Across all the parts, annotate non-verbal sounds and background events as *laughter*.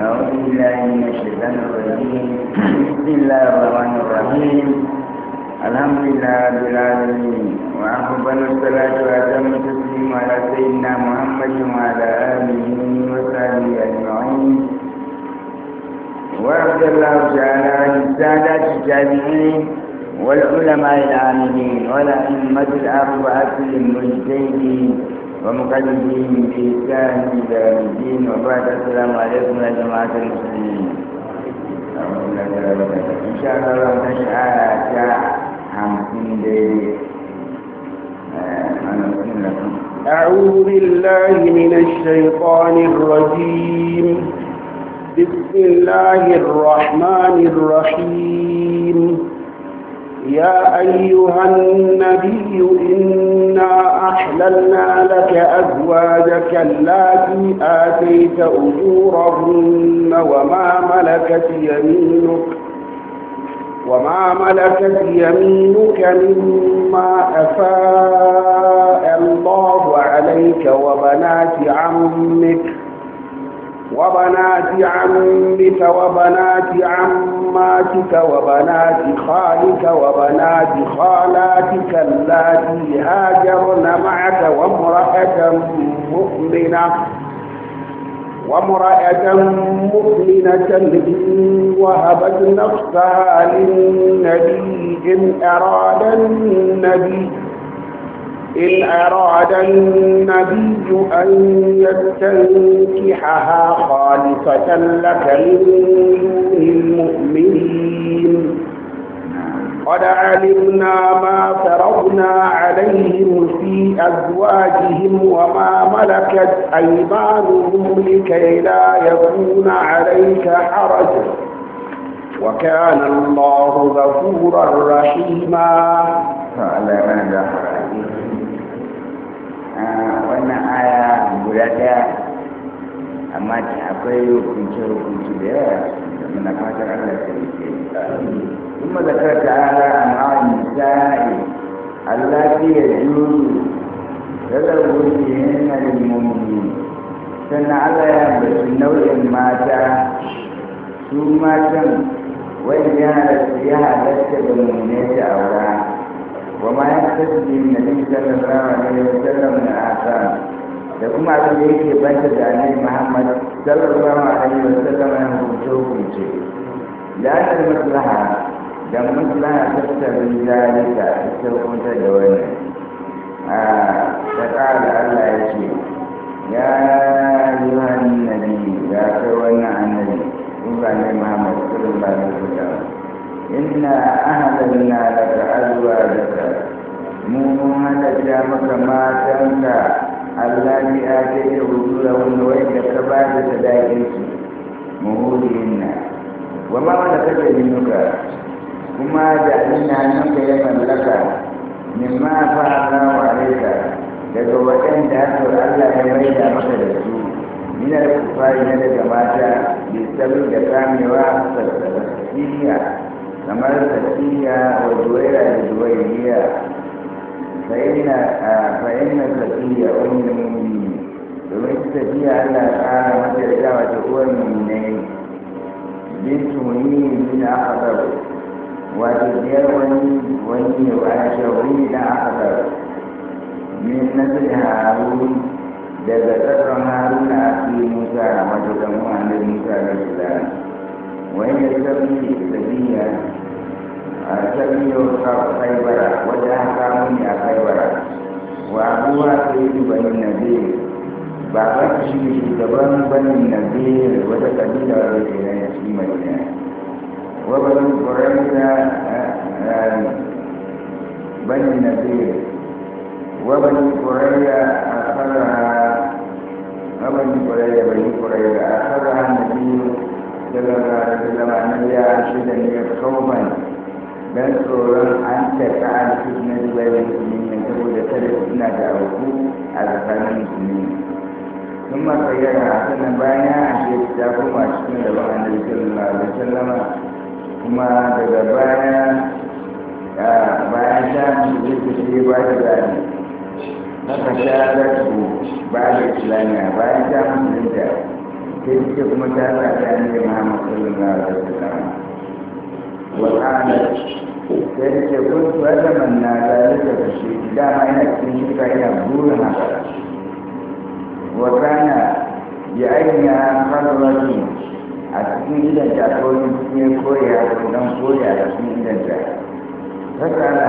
أعوذ بالله من الشيطان الرجيم بسم الله الرحمن الرحيم الحمد لله رب العالمين وأفضل الصلاة وأتم التسليم على سيدنا محمد وعلى آله وصحبه أجمعين ورضي الله تعالى عن السادة التابعين والعلماء العاملين والأئمة الأربعة المجتهدين ومقدمين بإحسان إلى يوم وبعد السلام عليكم يا جماعة المسلمين إن شاء الله لو نشأت خمسين دقيقة أعوذ بالله من الشيطان الرجيم بسم الله الرحمن الرحيم يا أيها النبي إن أحللنا لك أزواجك التي آتيت أجورهن وما ملكت يمينك وما ملكت يمينك مما أفاء الله عليك وبنات عمك وبنات عمك وبنات عماتك وبنات خالك وبنات خالاتك اللاتي هاجرن معك وامرأة مؤمنة وامرأة مؤمنة إن وهبت نفسها للنبي إن أراد النبي إن أراد النبي أن يستنكحها خالصة لك من المؤمنين قد علمنا ما فرضنا عليهم في أزواجهم وما ملكت أيمانهم لكي لا يكون عليك حرج وكان الله غفورا رحيما فعلى ماذا Ah, wannan aya guda daya amma ta akwai rukunci rukunci da yawa da muna fatan Allah ta yi ke kuma da karta ala amma wa yi. Allah fi ya juru daga rukunci yana da mummuni sannan Allah ya bashi nau'in mata su matan wani yana da su yi halatta da mummuni da aura وما يحتج به النبي صلى الله عليه وسلم من آثام da kuma abin da yake da annabi Muhammad sallallahu alaihi wa sallam na hukunce hukunce da aka maslaha da maslaha ta tabi zalika ta hukunta da wannan a ta kala Allah ya ce ya ayyuhan nabi ya wannan annabi kun ga annabi Muhammad sallallahu inna ahalalna daga azwajaka mu mun halatta maka matanka allati atayta ujurahunna wa idda ka ba da sadaqinsu muhulihinna wa ma malakat ka. kuma da ina nan ka ya mallaka mimma fa'ala wa alayka daga wajen da waɗanda aka Allah ya maida maka da su da kufari na daga mata bi sabbin da kamewa sassaniya وهي فإن آه، فإن الذكية أم المؤمنين ومن الذكية أن تعالى مثل إجابة أم المؤمنين بنت مؤمنين من أخبر وتزيل ولي ولي وعائشة ولي لا أخبر من نسل هارون دبتر هارون أخي موسى وجدموها من موسى السلام وإن الذكية a cikin yau kaibara wajen haka muni a kaibara wa kuwa ta yi na biyu ba ba ta shi ne shugaban na biyu wata kabila wa rage na ya fi mai ne wa ba na biyu wa na biyu daga ga ta zama na biya a shi da don tsoron an tafi an na dubai musulmi ne saboda kada su suna da auku a tsakanin musulmi sun masu yara sannan bayan ya ashe ta koma cikin da ba annabi sallallahu alaihi wasallama kuma daga baya bayan ta mutu zai ba ta gani haka ta zartu ba da islamiya bayan ta mutu ta sai suke kuma ta sa ta ne muhammad sallallahu alaihi wasallama والآن sai da ke kuntu a zaman na tare da bashi dama yana cikin shirka yana burin haka wakana ya ainiya hazarwaki a cikin gidan takoyin ne koya don koya a cikin gidan ta fasala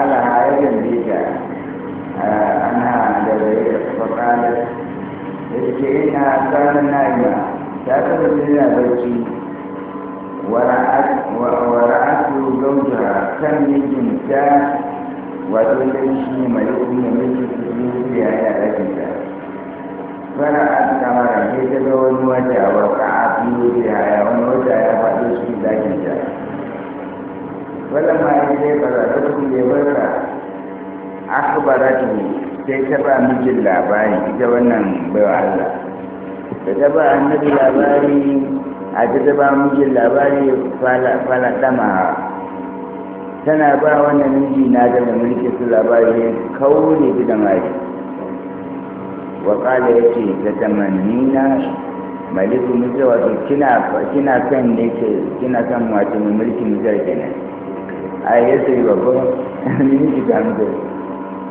ala hayan bita ana da bai fakala da ke ina tsarin na'ima ta kasance yana barci wara'at Dauka kan mijinta wato dai shi ne mai yi da miji su yi ya yi a ɗakinta fara a kamara ke ta ga wani wata wa ka a biyu ya yi wani wata ya faɗo su yi ɗakinta wannan ma ya zai fara lokacin da ya fara akhbaratu sai ta ba mijin labari ita wannan baiwa Allah ta ba annabi labari a ta ba mijin labari fala dama tana ba wannan miji na da mulki su labari kaune bi da mari wa kala yake ta tamannina maliku mijin wato kina kina kan ne ke kina kan wato mai mulki mulkin ke kenan a ya sai babban miji ta mijin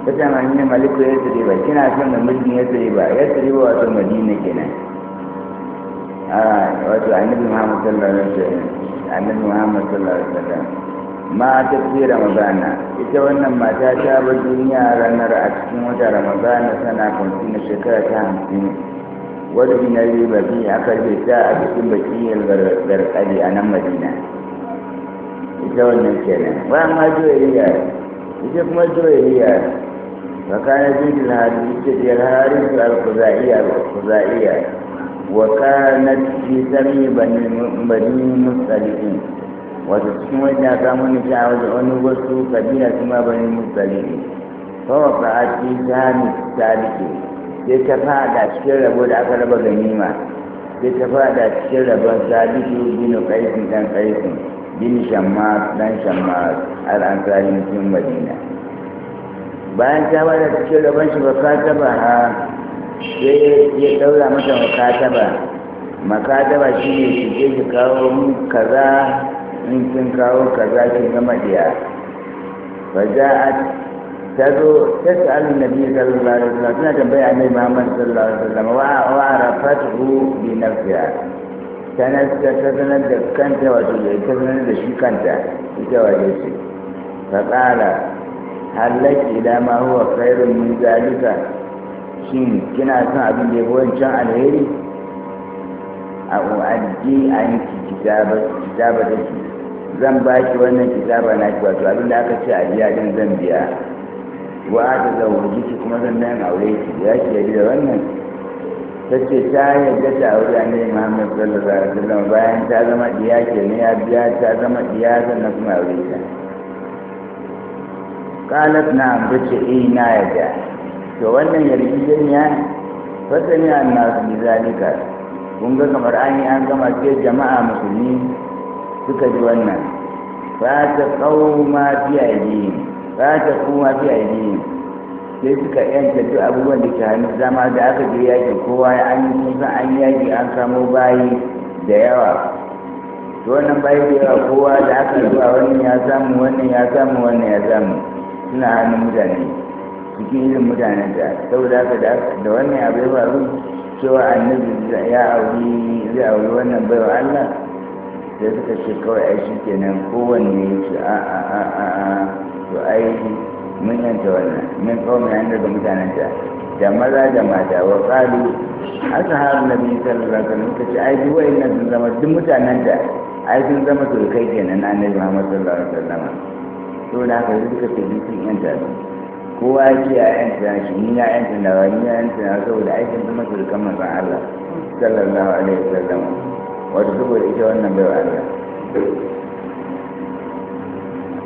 ta tamannina maliku ya sai ba kina kan mai mulkin ya sai ba ya sai ba wato madina ke kenan a ah, wato annabi muhammad sallallahu alaihi wasallam annabi muhammad sallallahu alaihi wasallam ma ta fi ramadana ita wannan mata ta bar duniya ranar a cikin wata ramazana tana kwanci na shekara ta hamsin wadda na riba fi a karfe ta a cikin bakiyar garkari a nan madina ita wannan kenan bayan ma joyariya ita kuma joyariya ita بنت الحارث الحارث الخزائية الخزائية وكانت في سمي بني بني مصطلحين wato cikin wajen ya samu ni a wajen wani wasu kabila kuma bani musali ne kawai ka a cikin jami sadiki sai ta fada cikin rabo da aka raba ganima sai ta fada cikin rabon sadiki bin kaisin dan kaisin bin shamma dan shamma al'ansari mutum madina bayan ta bada cikin rabon shi taba ha sai ya daura mata makataba makataba shi ne shi ke shi kawo kaza in kin kawo kaza ki gama diya faja'at ta zo ta sa'alu nabi sallallahu alaihi wasallam tana tambaya annabi Muhammad sallallahu alaihi wasallam wa wa rafatuhu bi nafsiha tana ta sanar da kanta wato ya ta da shi kanta ita waje ce fa qala halaki ila ma huwa khairun min zalika shin kina son abin da ya wancan alheri a uaddi an shi. zan ba ki wannan kitaba na ki wato abin da aka ce a biya din zan biya wa ta zaune ki kuma zan nan aure ki ya ki yadda da wannan ta ce ta yadda ta aure ne Muhammad sallallahu alaihi wasallam bayan ta zama diya ke ne ya biya ta zama diya sannan kuma aure ta kalat na bace eh na yadda to wannan yarjejeniya fasani annasu bi zalika kun ga kamar an yi an gama sai jama'a musulmi suka ji wannan fa ta kauma fi aidihim fa ta kuma fi aidihim sai suka yanta duk abubuwan da ke hannu zama da aka je yaki kowa ya an yi kusa an yaki an samo bayi da yawa to wannan bayi da yawa kowa da aka ba wannan ya samu wannan ya samu wannan ya samu suna hannun mutane cikin irin mutanen da saboda haka da wannan abu ya faru cewa annabi ya auri zai auri wannan baiwa Allah sai suka ce kawai ai shi kenan kowanne ya ce a a a a a to ai mun yanta wannan min kawai an daga mutanen ta da maza da mata wa kalu ashabu na biyu alaihi wasallam suka ce ai duk wayannan sun zama duk mutanen da ai sun zama kai kenan na annabi Muhammad sallallahu alaihi wasallam to da haka suka ce duk sun yanta kowa ya ce ya yanta shi ni ya yanta nawa ni ya yanta nawa saboda aikin zama turkan manzon Allah sallallahu alaihi wasallam wata saboda ita wannan bai wani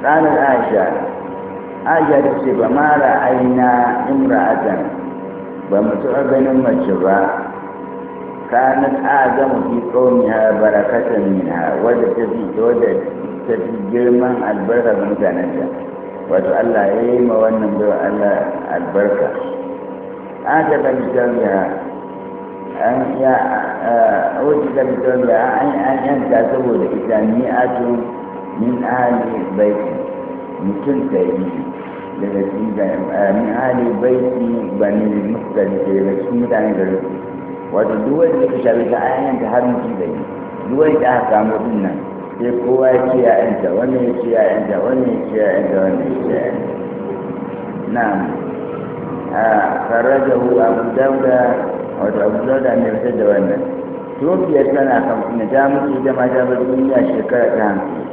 ƙanar aisha aisha ta ce ba mara aina imra adam ba mutu ganin mace ba kana adam fi kauniya barakatan min wadda ta fi girman albarka ga mutanen ta wato Allah ya yi ma wannan bai Allah albarka aka ta mutanen ya أن وجد الدنيا آه، أن ينتسب الإنسان مئة من أهل بيته من كل آه، من أهل بيت بني المختلف لكن عن ذلك وتدور لكشابك أن ينتهر من كل دور أحكام وطنة sai kowa شيء ce ya yanta wani ya ce ya yanta wani ya ce خرجه أبو داود wato abu da, ne fitar da wannan tofiya tana kan hamsin ta mutu ita ma ta bar duniya shekara ta hamsin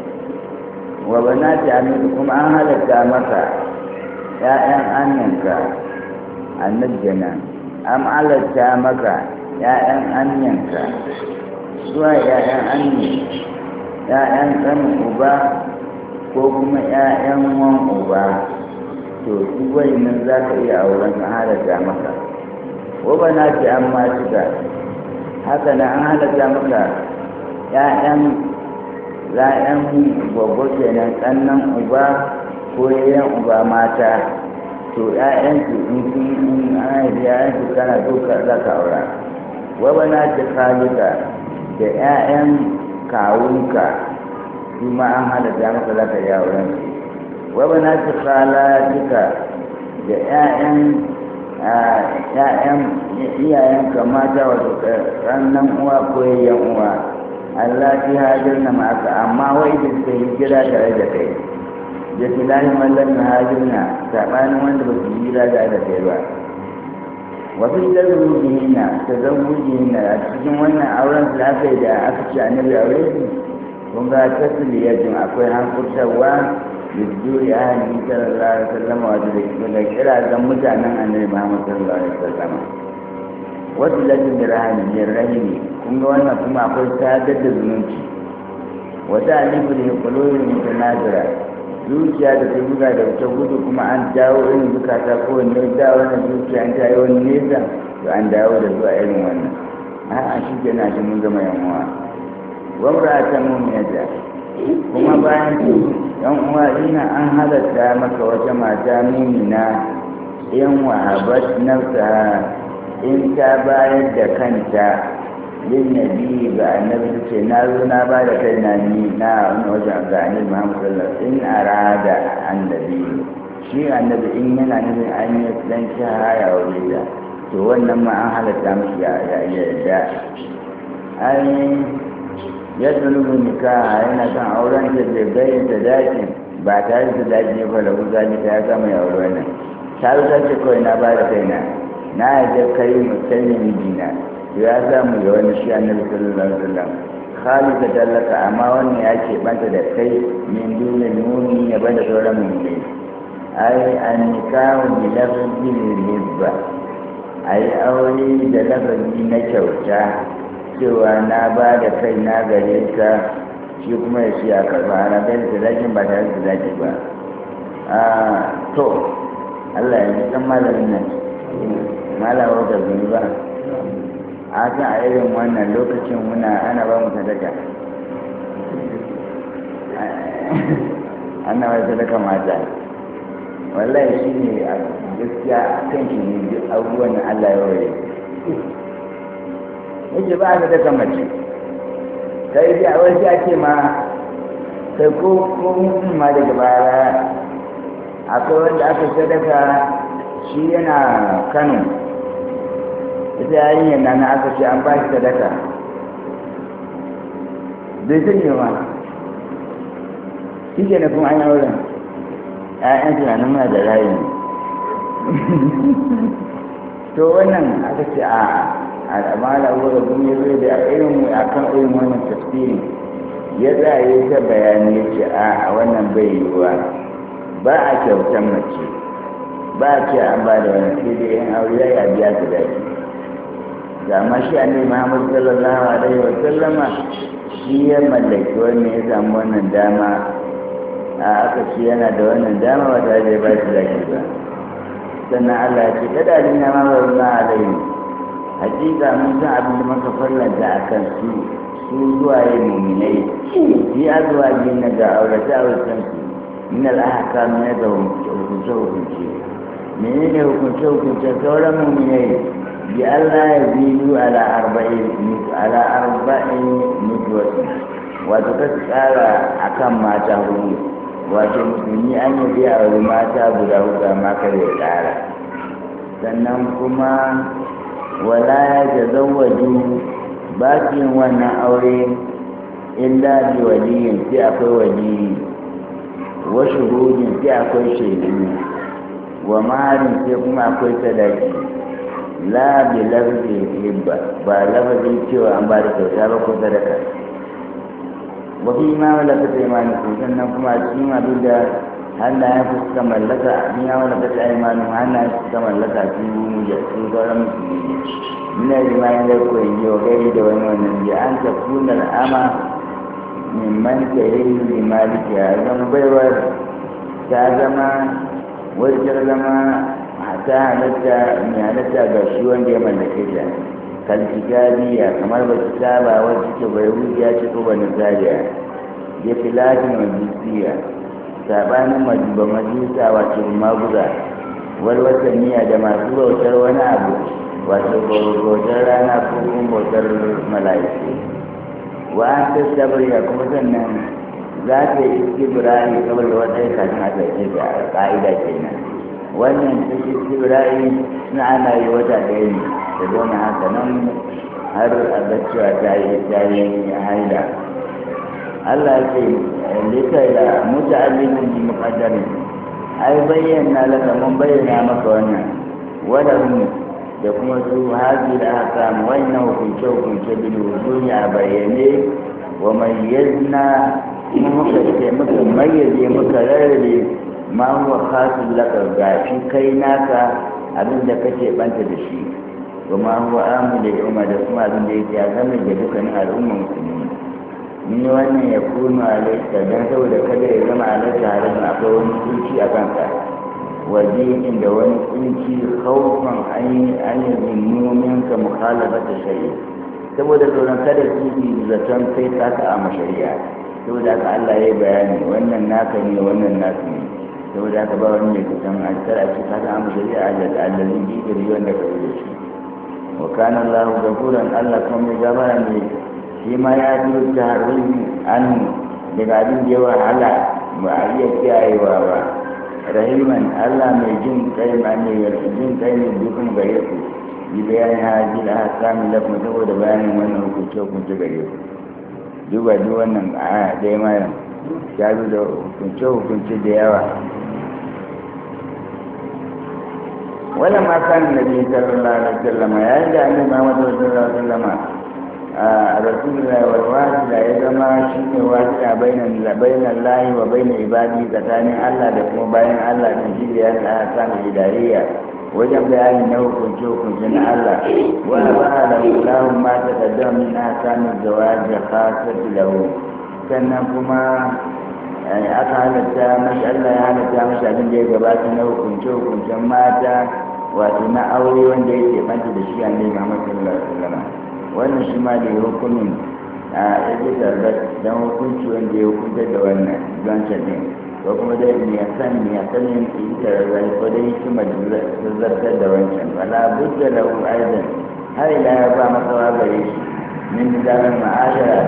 wa bana ta aminta kuma an halatta maka ‘ya'yan annanka annan jana. an halatta maka ‘ya'yan annanka zuwa ‘ya'yan anni ‘ya'yan ɗan uba ko kuma ‘ya'yan wan uba to duk nan za ka iya auren ka halatta maka ko na ce an ma shiga haka na an halatta maka ‘ya'yan ‘ya'yan gwaggo kenan ƙannan uba ko yayan uba mata to ‘ya'yan su in fi in an haifi ‘ya'yan su kana so ka za ka aura wa ba na ce kaluka da ‘ya'yan kawunka su ma an halatta maka za ka yi auren wa ba na ce kalatika da ‘ya'yan kamata wa wato ƙannan uwa ko yayyan uwa Allah fi hajjar na maka amma wai da suka hijira tare da kai da lahi mallar na hajjar na saɓanin wanda ba su hijira tare da kai ba wasu tazarrujihin na tazarrujihin na a cikin wannan auren su da aka ci a annabi aure su kun ga yajin akwai hankurtarwa bidjuri a hannun sallallahu alaihi wasallam wato da kirazan mutanen annabi muhammad sallallahu alaihi wasallam wata latin da rahami ya rahimi kun ga wannan kuma akwai sadar da zumunci wata alifu da ya ta mutanazira zuciya da ta buga da ta gudu kuma an dawo irin zukata ko wani da wannan zuciya an yi wani nesa to an dawo da zuwa irin wannan a'a shi ke na shi mun zama yamuwa wamra ta mun mummiyata kuma bayan yan uwa ina an halatta maka wata mata mumina in wahabat nafsa in ta bayar da kanta lin nabi ga annabi ce na zo na ba da kai na ni na wani wajen ga annabi muhammad sallallahu in arada annabi shi annabi in yana nufin an yi dan shahara wajen da to wannan ma an halatta mashi ya yarda ai ya tulubu nikaha yana kan auren da ke bayin ta dace ba tare da dace ne ba lahu zalika ya gama ya aure nan. ta yi ta ce kawai na ba da kaina na yadda kai musulmi mijina ya samu yi wani shi annabi sallallahu alaihi wasallam da dallaka amma wannan ya ke banta da kai min dole nuni ya bada sauran mummune ai an nikahu bi lafzin hibba ai aure da lafazi na kyauta cewa na ba da kai na gare ka shi kuma ya shi a karba na bai da zakin ba tare da zaki ba a to Allah ya ji kan malamin nan malama da zuni ba a san a irin wannan lokacin muna ana ba mu sadaka ana ba sadaka mata wallahi shi ne a gaskiya kan shi ne duk abubuwan Allah ya ware yake ba ka daga mace yi dai a wasu ake ma sai ko mutum ma daga baya akwai wanda aka sadaka shi yana kano ita yi yana na aka ce an ba shi sadaka bai yi ma shi na kuma an yi wurin ‘ya'yan tunanin muna da rayu *laughs* to wannan aka ce a al'amala wadda kun yi zai da irin a kan irin wannan tafsirin ya tsaye ta bayani ya ce a wannan bai yiwuwa ba a kyautar mace ba a ce an ba da wani sai da yan aure ya biya su daji ga mashi a ne muhammadu sallallahu alaihi wa sallama shi ya mallaki wannan ya samu wannan dama a aka shi yana da wannan dama ba tare da ya ba shi daji ba sannan allah ya ce kada a nuna ma ba hakika mun san abin da muka fallanta a kan su su zuwa yi muminai yi zuwa biyu na ga a wajen su min al'ahaka na da hukunce hukunce menene hukunce hukunce sauran muminai bi Allah ya biyu ala arba'in ala arba'in mutuwatu wato ka tsara kan mata hudu wato musulmi an yi biya mata guda hudu amma makar ya tsara sannan kuma wala ya tazawwaju ba su yin wannan aure illa bi waliyin sai akwai wali wa shuhudin sai akwai shaidu wa maharin sai kuma akwai sadaki la bi lafzin hibba ba lafazin cewa an ba da kyauta ba ko sadaka wa fi ma malakata imani sannan kuma cikin abin da ya fi suka mallaka ni ya wani bata yi manu hannu su suka mallaka su yi mu ya su sauran musulmi muna yi ma yin garko yin yi wa gari da wani wannan ya an ta kunar ama min man ka yi ne maliki ya zama baiwar ta zama wajen zama ta halatta mai halatta ga shi wanda ya mallake ta kalkitabiya kamar ba su saba wajen ke bai hujja ci ko ba na zariya ya fi latin wa sabanin majiba majusa wato maguza wal wataniya da masu bautar wani abu wato bautar rana ko kuma bautar mala'iku wa an tattabarya kuma sannan za ta yi istibra'i kamar da wata kafin a tafi da ka'ida kenan wannan ta istibra'i na ana yi wata ɗaya ne da zama haka nan har a ga cewa ta yi ta yi haida Allah ce lita da muta'allimin bi muqaddari ai bayyana laka mun bayyana maka wannan wala hum da kuma su haji da ahkam wannan hukunce hukunce bil wujudi a bayyane wa yadna kuma muka ce muka mayyaze muka rarrabe ma huwa khasul laka gashi kai naka abin da kake banta da shi kuma huwa amu da umma da kuma abin da yake game da dukkanin al'ummar musulmi ni wannan ya kuma alaika don saboda kada ya zama alaika harin akwai wani kunci a kanka wajen inda wani kunci haufan an yi zimmomin ka mukhalaba ta shari'a saboda tsoron kada kifi zaton kai taka a shari'a, saboda haka Allah ya yi bayani wannan naka ne wannan naka ne saboda haka ba wani mai kusan a kar a ce taka a mashari'a da allalin bikiri wanda ka yi da shi wa kana Allah gafuran Allah kuma ya gabara ne shi ma ya fi Rumi, an daga abin da ya wahala ba a iya kiyayewa ba rahiman allah mai jin kai ma ne jin kai ne dukkan gare ku yi bayanin hajji da haka samun lafi saboda bayanin wannan hukunce hukunce gare ku duba duk wannan a ɗaya mayan ya zo da hukunce hukunce da yawa wala ma kan nabi sallallahu alaihi wasallam yayin da annabi Muhammad sallallahu alaihi wasallam a ya wal wasila ya zama shine wasila bainan bainan lahi wa bainan ibadi tsakanin Allah da kuma bayan Allah da shi ya sa idariya wajen bayani na hukunce hukunce na Allah wa ba da kulahu ma ta kaddam min ahkami zawaji khasati lahu sannan kuma aka halatta mashi Allah ya halatta mashi abin da ya gabata na hukunce hukuncen mata wato na aure wanda yake manta da shi annabi Muhammad sallallahu alaihi wasallam wannan shi ma da hukumin a yaji tarbat don hukunci wanda ya hukunta da wannan zancen ne ko kuma ne ya san ya sanin yaji tarbat ko da ma da zartar da wancan wala da lahu aizan. har ila ya ba masawa gare shi min nizamin ma'ashara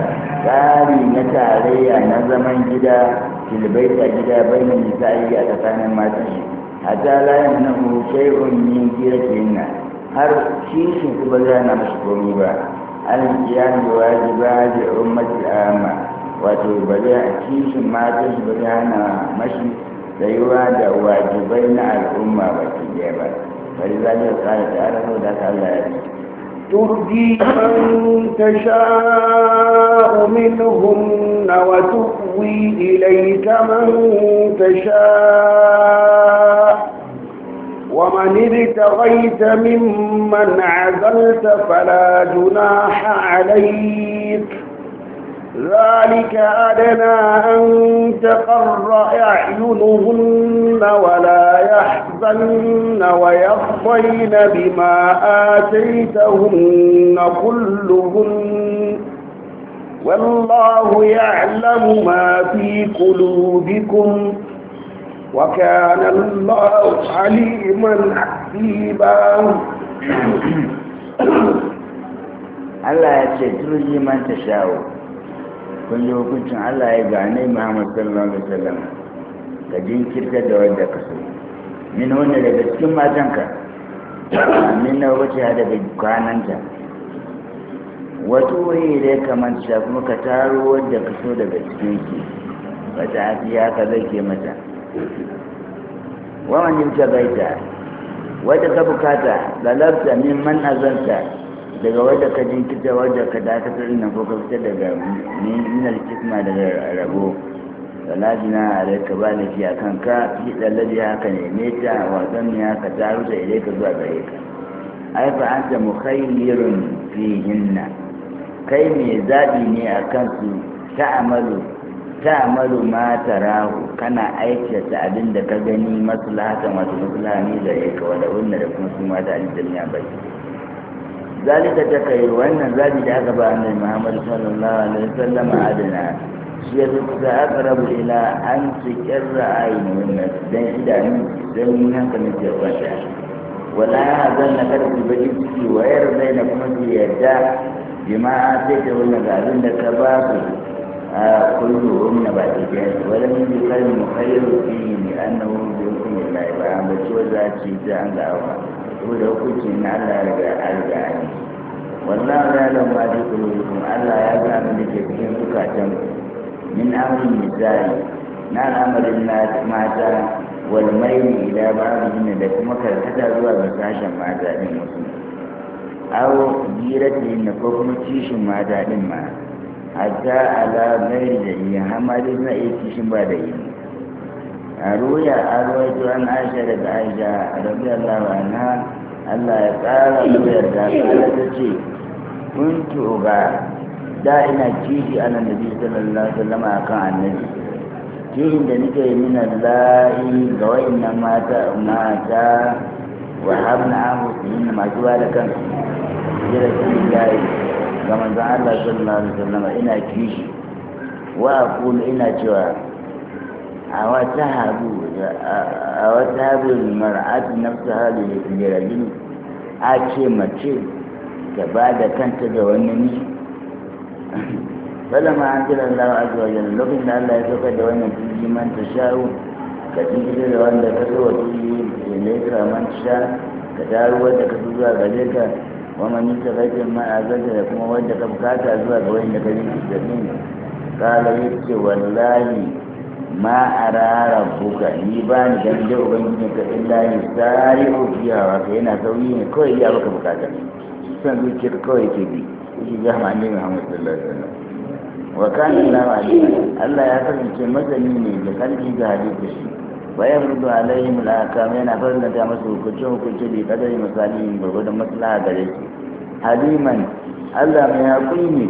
tsari na tarayya na zaman gida filbaita gida bai na nisa'i a tsakanin masu shi A hatta la yamnahu shay'un yin kiratihinna har shi shi kuma zai na mashi komi ba القيام بواجبات أمة الأمة وتوب لأكيس ما تسبقنا مشي ليواد واجبين على الأمة والتجابة فلذلك قال تعالى ذلك الله تهدي من تشاء منهن وتقوي إليك من تشاء وإن ابتغيت ممن عزلت فلا جناح عليك ذلك أدنى أن تقر أعينهن ولا يحزن ويرضين بما آتيتهن كلهن والله يعلم ما في قلوبكم وكان الله عليما حكيما Allah ya ce turji man ta shawo kun yi hukuncin Allah ya gane Muhammad sallallahu alaihi wasallam ka jinkirta da wanda ka so min wanda daga cikin matanka min na wuce daga kwananta wata wuri da ya kamanta kuma ka taro wanda ka so daga cikin ki ba ta haka zai ke mata ta baita wata ka bukata min man azanta daga wadda ka jinkita wadda ka dakatar nan ko ka fita daga minal kisma daga rago. rabo na alaika ba da shi a kanka fi tsallabi haka ne ta wasan ne haka ta rusa ilai ka zuwa gare ka ai fa an ta mukhayyirun fi hinna kai mai zaɓi ne a kansu ta amalu ta'malu ma tarahu kana aikata abin da ka gani maslahatan wato maslaha ne da yake wala wannan da kuma su mata aljanna bai zalika ta kai wannan zabi da aka ba annabi Muhammad sallallahu alaihi wasallam adana shi ya zo kusa aqrabu ila an tuqirra ayinun nas dan idanun dan mun haka ne ke wata wala hazan na karfi bakin ciki wayar zaina kuma su yarda jima'a sai ta wannan ga abin da ka ba su kullum ba da biyan su wani mafi karni mafayar rufini ne an na wani biyan su ne a mace wa za a ci ji an ga awa da hukunci na allah da ga alga'ani wanda an ba su kuma kuma allah ya ga amince ke kuma su ka can min na al'amarin mata wani mai ne ya ba a mafi da kuma karkata zuwa ga sashen mata ne musu awo jirage na kogon kishin mata ma hatta ala mai da yi hamari na iki shi ba da yi a ruya a ruwaito an aisha daga aisha a allah wa na allah ya tsara ruwayar da kala ta ce kuntu ga da ina kishi da nabi sallallahu alaihi wasallam akan annabi kishin da nake yi min allahi ga wayannan mata mata wa habna ahu masu ba da kansu jira sun yi ga manzon Allah sallallahu alaihi wasallam ina kishi wa aqulu ina cewa a wata habu a wata habu hali nafsaha li rajul a ce mace ta ba da kanta ga wani miji bala ma an jira Allah azza wa jalla lokacin da Allah ya saka da wannan fili man ta sha'u ka jinkiri da wanda ka so wa da ya ka man ta sha ka dawo da ka so zuwa gare ka wani nisa rajin ma a zaga da kuma wanda ka bukata zuwa ga wanda ka yi da ni kala ya ce wallahi ma ara rabbuka ni ba ni dan da ubangiji ka illa ya tsari wa ka na sauyi ne kawai ya baka bukata san zuciyar kawai ke bi shi ga hannun muhammad sallallahu alaihi wasallam wa kana lawa Allah ya kasance masani ne da kalbi ga hadisi bayan rudu alaihim kama yana faranta masu hukunce hukunce bi kadari misali matsala a gare su haliman allah mai haƙuri ne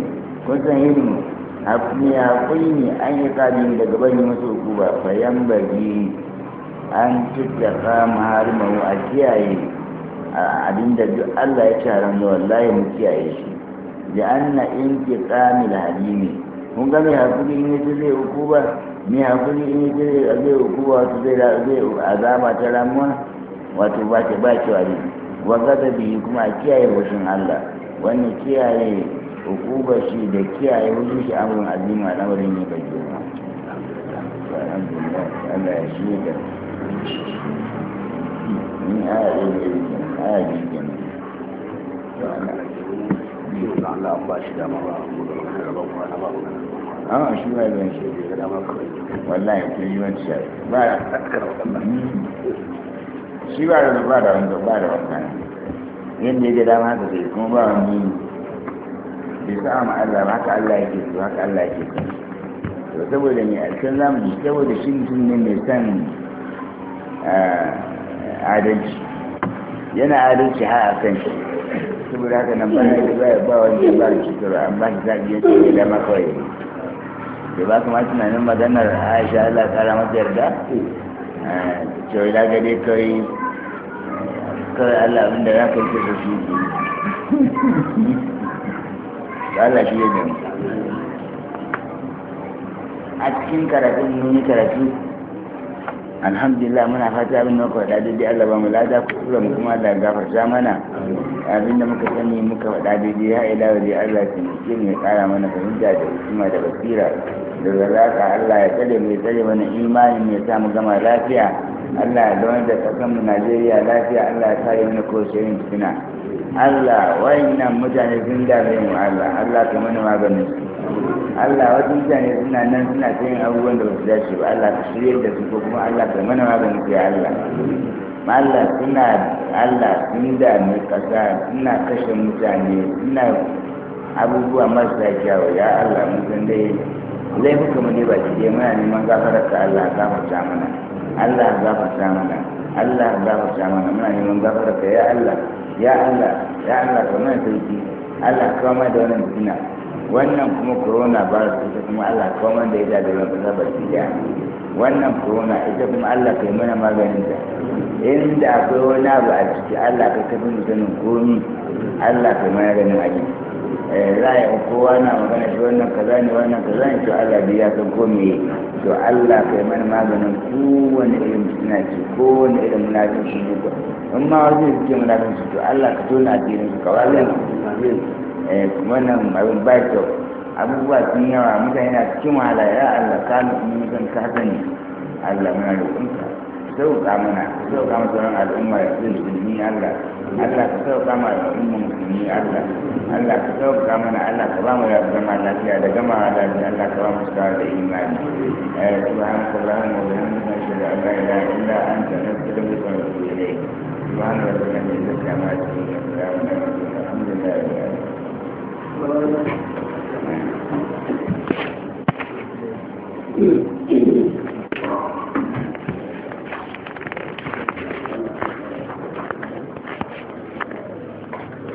kun san ilimi mai haƙuri ne an yi tsari daga yi masu hukuma bayan bari an tattaka maharimahu a kiyaye abinda duk allah ya ci haram da wallahi mu kiyaye shi da an na in kamil halimi mun ga mai hakuri in yace zai hukuma ni hakuri in yace zai hukuma wato zai azaba ta ramuwa wato ba ta ba ki biyu kuma a kiyaye hushin Allah wannan kiyaye hukuma shi da kiyaye hushin shi amrun azima na wurin ne Allah ya shi ni a yi ne a yi ne a shi ba ruwan shi ne da maka wallahi ko yi wani shi ba da shi ba da ba da wanda ba da wanda yadda ya dama haka sai kuma ba wani bai sa ma Allah ba haka Allah yake so haka Allah yake so to saboda me a cikin zamani saboda shi mutum ne mai son adalci yana adalci har a kan shi saboda haka nan ba ya ba wani ba shi tsoro an ba shi zaɓi yadda ya dama kawai Da ba kuma tunanin maganar aisha Allah kara mata yarda cewa eh, da daga dai kai kai Allah abin da zaka yi da su ke Allah shi ya gani a cikin karatun mun karatu alhamdulillah muna fata abin da muka faɗa daidai Allah ba mu lada kura mu kuma Allah gafarta mana abin da muka sani muka faɗa daidai ya ila wa Allah ke nake mu ya mana fahimta da hikima da basira daga zaka Allah ya tsare mai tsaye tsare mana imanin mai sa mu gama lafiya Allah ya zama da kasan mu Najeriya lafiya Allah ya kare mana koshirin fitina Allah wayannan mutane sun dame mu Allah Allah ka mana maganin su Allah wasu mutane suna nan suna ta yin abubuwan da ba dace ba Allah ka shirya da su ko kuma Allah ka mana maganin su ya Allah Allah suna Allah sun dame ƙasa suna kashe mutane suna abubuwa marasa kyawu ya Allah mun san dai laifuka mu ne ba ki dai muna neman gafarar ka Allah ya gafarta mana Allah ya gafarta mana Allah ya gafarta mana muna neman gafarar ka ya Allah ya Allah ya Allah ka mana sauki Allah ka mana da wannan fitina wannan kuma corona su ita kuma Allah ka mana da ita da wannan kasa baki daya wannan corona ita kuma Allah Kai mana maganin ta inda akwai wani abu a ciki Allah ka tafi mu sanin komi Allah Kai mana ganin aiki Eh, za a yi kowa na magana shi wannan kaza ne wannan kaza ne to Allah bai ya san ko me to Allah kai mana maganin kowane irin suna ce kowane irin munafin shi ne ko in ma wani suke munafin su to Allah ka tona a cikin su kawai zai eh, wannan abin ba kyau abubuwa sun yawa mutane na cikin wahala ya Allah ka nufin mutan ka sani Allah muna roƙonka sauka mana ka sauka mana al'umma ya fi musulmi Allah Allah ka sauka mana al'umma musulmi Allah Allah ka sauka mana Allah ka ba mu ya zama lafiya da gama lafiya Allah ka ba mu suka da imani eh, subhanaka allahumma wa bihamdika ashhadu an la ilaha illa anta astaghfiruka wa atubu ilayk subhana rabbika rabbil izzati amma yasifun wa salamun ala mursalin alhamdulillahi rabbil alamin Thank you.